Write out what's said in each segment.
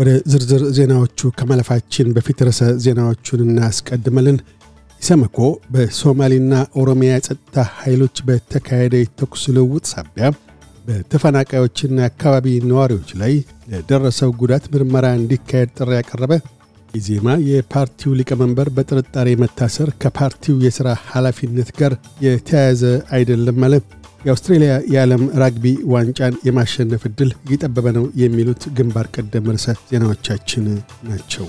ወደ ዝርዝር ዜናዎቹ ከማለፋችን በፊት ርዕሰ ዜናዎቹን እናስቀድመልን። ኢሰመኮ በሶማሌና ኦሮሚያ የጸጥታ ኃይሎች በተካሄደ የተኩስ ልውውጥ ሳቢያ በተፈናቃዮችና አካባቢ ነዋሪዎች ላይ ለደረሰው ጉዳት ምርመራ እንዲካሄድ ጥሪ ያቀረበ፣ ኢዜማ የፓርቲው ሊቀመንበር በጥርጣሬ መታሰር ከፓርቲው የሥራ ኃላፊነት ጋር የተያያዘ አይደለም ማለት የአውስትሬልያ የዓለም ራግቢ ዋንጫን የማሸነፍ ዕድል እየጠበበ ነው የሚሉት ግንባር ቀደም ርዕሰ ዜናዎቻችን ናቸው።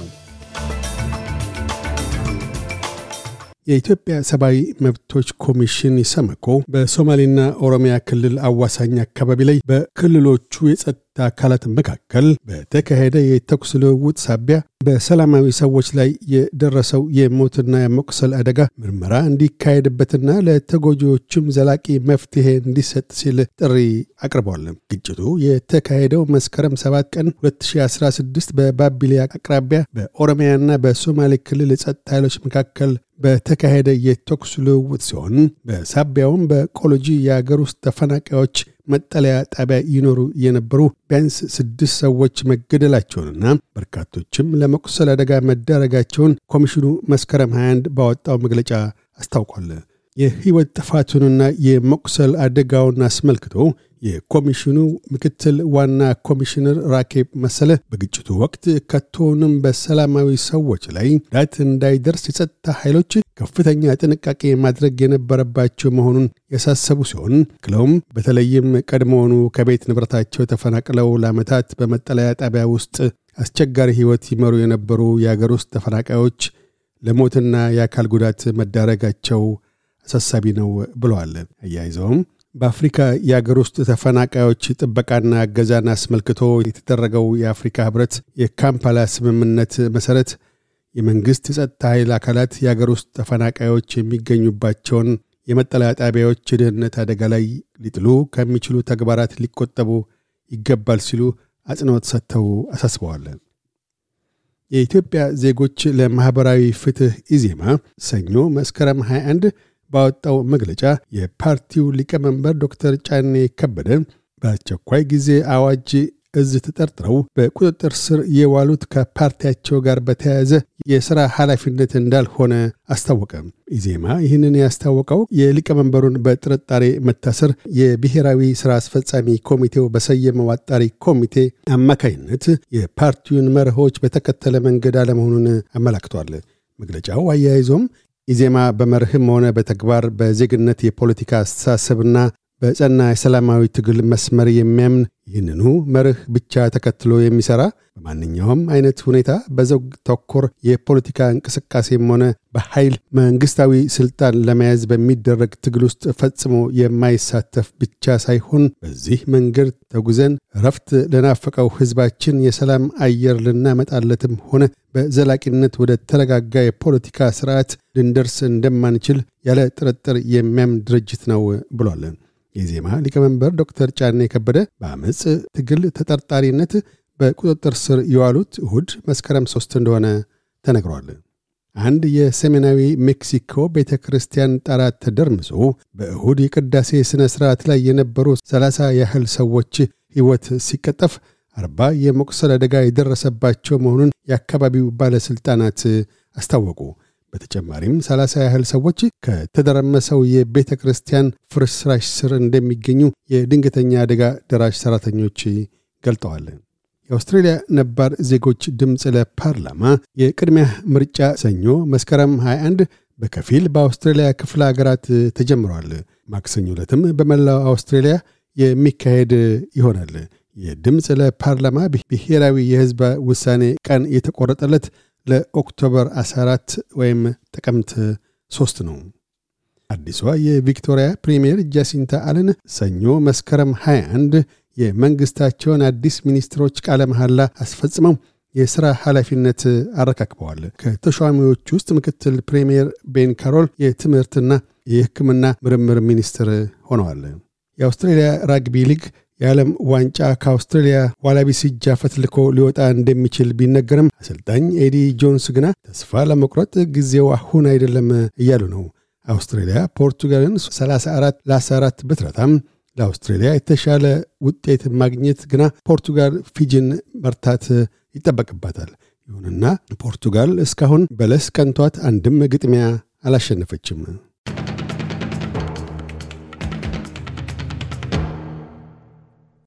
የኢትዮጵያ ሰብአዊ መብቶች ኮሚሽን ይሰመኮ በሶማሌና ኦሮሚያ ክልል አዋሳኝ አካባቢ ላይ በክልሎቹ የጸጥ አካላት መካከል በተካሄደ የተኩስ ልውውጥ ሳቢያ በሰላማዊ ሰዎች ላይ የደረሰው የሞትና የመቁሰል አደጋ ምርመራ እንዲካሄድበትና ለተጎጂዎችም ዘላቂ መፍትሄ እንዲሰጥ ሲል ጥሪ አቅርቧል። ግጭቱ የተካሄደው መስከረም 7 ቀን 2016 በባቢሊያ አቅራቢያ በኦሮሚያና በሶማሌ ክልል ጸጥታ ኃይሎች መካከል በተካሄደ የተኩስ ልውውጥ ሲሆን በሳቢያውም በቆሎጂ የአገር ውስጥ ተፈናቃዮች መጠለያ ጣቢያ ይኖሩ የነበሩ ቢያንስ ስድስት ሰዎች መገደላቸውንና በርካቶችም ለመቁሰል አደጋ መዳረጋቸውን ኮሚሽኑ መስከረም 21 ባወጣው መግለጫ አስታውቋል። የህይወት ጥፋቱንና የመቁሰል አደጋውን አስመልክቶ የኮሚሽኑ ምክትል ዋና ኮሚሽነር ራኬብ መሰለ በግጭቱ ወቅት ከቶንም በሰላማዊ ሰዎች ላይ ዳት እንዳይደርስ የጸጥታ ኃይሎች ከፍተኛ ጥንቃቄ ማድረግ የነበረባቸው መሆኑን ያሳሰቡ ሲሆን ክለውም በተለይም ቀድሞውኑ ከቤት ንብረታቸው ተፈናቅለው ለአመታት በመጠለያ ጣቢያ ውስጥ አስቸጋሪ ህይወት ይመሩ የነበሩ የአገር ውስጥ ተፈናቃዮች ለሞትና የአካል ጉዳት መዳረጋቸው አሳሳቢ ነው ብለዋል። አያይዘውም በአፍሪካ የአገር ውስጥ ተፈናቃዮች ጥበቃና እገዛን አስመልክቶ የተደረገው የአፍሪካ ህብረት የካምፓላ ስምምነት መሰረት የመንግሥት የጸጥታ ኃይል አካላት የአገር ውስጥ ተፈናቃዮች የሚገኙባቸውን የመጠለያ ጣቢያዎች የደህንነት አደጋ ላይ ሊጥሉ ከሚችሉ ተግባራት ሊቆጠቡ ይገባል ሲሉ አጽንኦት ሰጥተው አሳስበዋል። የኢትዮጵያ ዜጎች ለማኅበራዊ ፍትሕ ኢዜማ ሰኞ መስከረም 21 ባወጣው መግለጫ የፓርቲው ሊቀመንበር ዶክተር ጫኔ ከበደ በአስቸኳይ ጊዜ አዋጅ እዝ ተጠርጥረው በቁጥጥር ስር የዋሉት ከፓርቲያቸው ጋር በተያያዘ የሥራ ኃላፊነት እንዳልሆነ አስታወቀ። ኢዜማ ይህንን ያስታወቀው የሊቀመንበሩን በጥርጣሬ መታሰር የብሔራዊ ሥራ አስፈጻሚ ኮሚቴው በሰየመው አጣሪ ኮሚቴ አማካይነት የፓርቲውን መርሆች በተከተለ መንገድ አለመሆኑን አመላክቷል። መግለጫው አያይዞም ኢዜማ በመርህም ሆነ በተግባር በዜግነት የፖለቲካ አስተሳሰብና በጸና የሰላማዊ ትግል መስመር የሚያምን ይህንኑ መርህ ብቻ ተከትሎ የሚሠራ በማንኛውም አይነት ሁኔታ በዘውግ ተኮር የፖለቲካ እንቅስቃሴም ሆነ በኃይል መንግስታዊ ስልጣን ለመያዝ በሚደረግ ትግል ውስጥ ፈጽሞ የማይሳተፍ ብቻ ሳይሆን በዚህ መንገድ ተጉዘን እረፍት ለናፈቀው ሕዝባችን የሰላም አየር ልናመጣለትም ሆነ በዘላቂነት ወደ ተረጋጋ የፖለቲካ ስርዓት ልንደርስ እንደማንችል ያለ ጥርጥር የሚያም ድርጅት ነው ብሏለን። የዜማ ሊቀመንበር ዶክተር ጫኔ ከበደ በአመፅ ትግል ተጠርጣሪነት በቁጥጥር ስር የዋሉት እሁድ መስከረም ሶስት እንደሆነ ተነግሯል። አንድ የሰሜናዊ ሜክሲኮ ቤተ ክርስቲያን ጣራት ተደርምሶ በእሁድ የቅዳሴ ሥነ ሥርዓት ላይ የነበሩ 30 ያህል ሰዎች ሕይወት ሲቀጠፍ አርባ የመቁሰል አደጋ የደረሰባቸው መሆኑን የአካባቢው ባለሥልጣናት አስታወቁ። በተጨማሪም 30 ያህል ሰዎች ከተደረመሰው የቤተ ክርስቲያን ፍርስራሽ ስር እንደሚገኙ የድንገተኛ አደጋ ደራሽ ሰራተኞች ገልጠዋል። የአውስትሬልያ ነባር ዜጎች ድምፅ ለፓርላማ የቅድሚያ ምርጫ ሰኞ መስከረም 21 በከፊል በአውስትሬልያ ክፍለ ሀገራት ተጀምሯል። ማክሰኞ ዕለትም በመላው አውስትሬልያ የሚካሄድ ይሆናል። የድምፅ ለፓርላማ ብሔራዊ የሕዝብ ውሳኔ ቀን የተቆረጠለት ለኦክቶበር 14 ወይም ጥቅምት 3 ነው። አዲሷ የቪክቶሪያ ፕሪምየር ጃሲንታ አለን ሰኞ መስከረም 21 የመንግሥታቸውን አዲስ ሚኒስትሮች ቃለ መሐላ አስፈጽመው የሥራ ኃላፊነት አረካክበዋል። ከተሿሚዎች ውስጥ ምክትል ፕሬምየር ቤን ካሮል የትምህርትና የሕክምና ምርምር ሚኒስትር ሆነዋል። የአውስትሬልያ ራግቢ ሊግ የዓለም ዋንጫ ከአውስትራሊያ ዋላቢስ እጃፈት ልኮ ሊወጣ እንደሚችል ቢነገርም አሰልጣኝ ኤዲ ጆንስ ግና ተስፋ ለመቁረጥ ጊዜው አሁን አይደለም እያሉ ነው። አውስትራሊያ ፖርቱጋልን 34 ለ14 ብትረታም ለአውስትሬልያ የተሻለ ውጤት ማግኘት ግና ፖርቱጋል ፊጂን መርታት ይጠበቅባታል። ይሁንና ፖርቱጋል እስካሁን በለስ ቀንቷት አንድም ግጥሚያ አላሸነፈችም።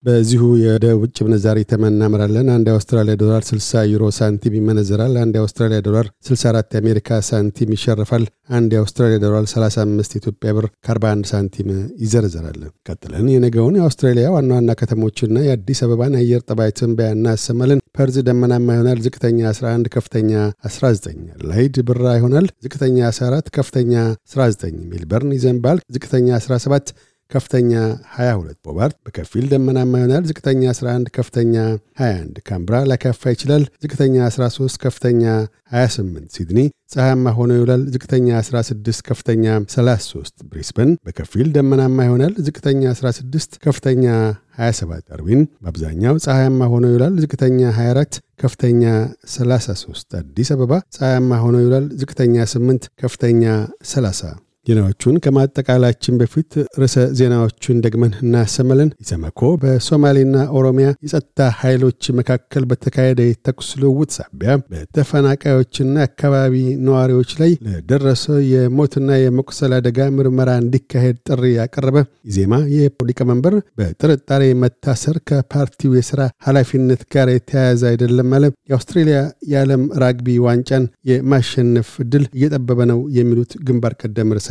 በዚሁ ወደ ውጭ ምንዛሪ ተመን እናመራለን። አንድ የአውስትራሊያ ዶላር 60 ዩሮ ሳንቲም ይመነዘራል። አንድ የአውስትራሊያ ዶላር 64 የአሜሪካ ሳንቲም ይሸርፋል። አንድ የአውስትራሊያ ዶላር 35 ኢትዮጵያ ብር ከ41 ሳንቲም ይዘረዘራል። ቀጥለን የነገውን የአውስትራሊያ ዋና ዋና ከተሞችና የአዲስ አበባን አየር ጠባይ ትንበያ እናሰማለን። ፐርዝ ደመናማ ይሆናል። ዝቅተኛ 11፣ ከፍተኛ 19። አድላይድ ብራ ይሆናል። ዝቅተኛ 14፣ ከፍተኛ 19። ሜልበርን ይዘንባል። ዝቅተኛ 17 ከፍተኛ 22 ቦባርት በከፊል ደመናማ ይሆናል። ዝቅተኛ 11 ከፍተኛ 21 ካምብራ ሊያካፋ ይችላል። ዝቅተኛ 13 ከፍተኛ 28 ሲድኒ ፀሐያማ ሆኖ ይውላል። ዝቅተኛ 16 ከፍተኛ 33 ብሪስበን በከፊል ደመናማ ይሆናል። ዝቅተኛ 16 ከፍተኛ 27 ዳርዊን በአብዛኛው ፀሐያማ ሆኖ ይውላል። ዝቅተኛ 24 ከፍተኛ 33 አዲስ አበባ ፀሐያማ ሆኖ ይውላል። ዝቅተኛ 8 ከፍተኛ 30 ዜናዎቹን ከማጠቃላችን በፊት ርዕሰ ዜናዎቹን ደግመን እናሰማለን። ኢሰመኮ በሶማሌና ኦሮሚያ የጸጥታ ኃይሎች መካከል በተካሄደ የተኩስ ልውውጥ ሳቢያ በተፈናቃዮችና አካባቢ ነዋሪዎች ላይ ለደረሰ የሞትና የመቁሰል አደጋ ምርመራ እንዲካሄድ ጥሪ ያቀረበ። ኢዜማ የሊቀመንበር በጥርጣሬ መታሰር ከፓርቲው የሥራ ኃላፊነት ጋር የተያያዘ አይደለም አለ። የአውስትሬልያ የዓለም ራግቢ ዋንጫን የማሸነፍ ድል እየጠበበ ነው። የሚሉት ግንባር ቀደም ርዕሰ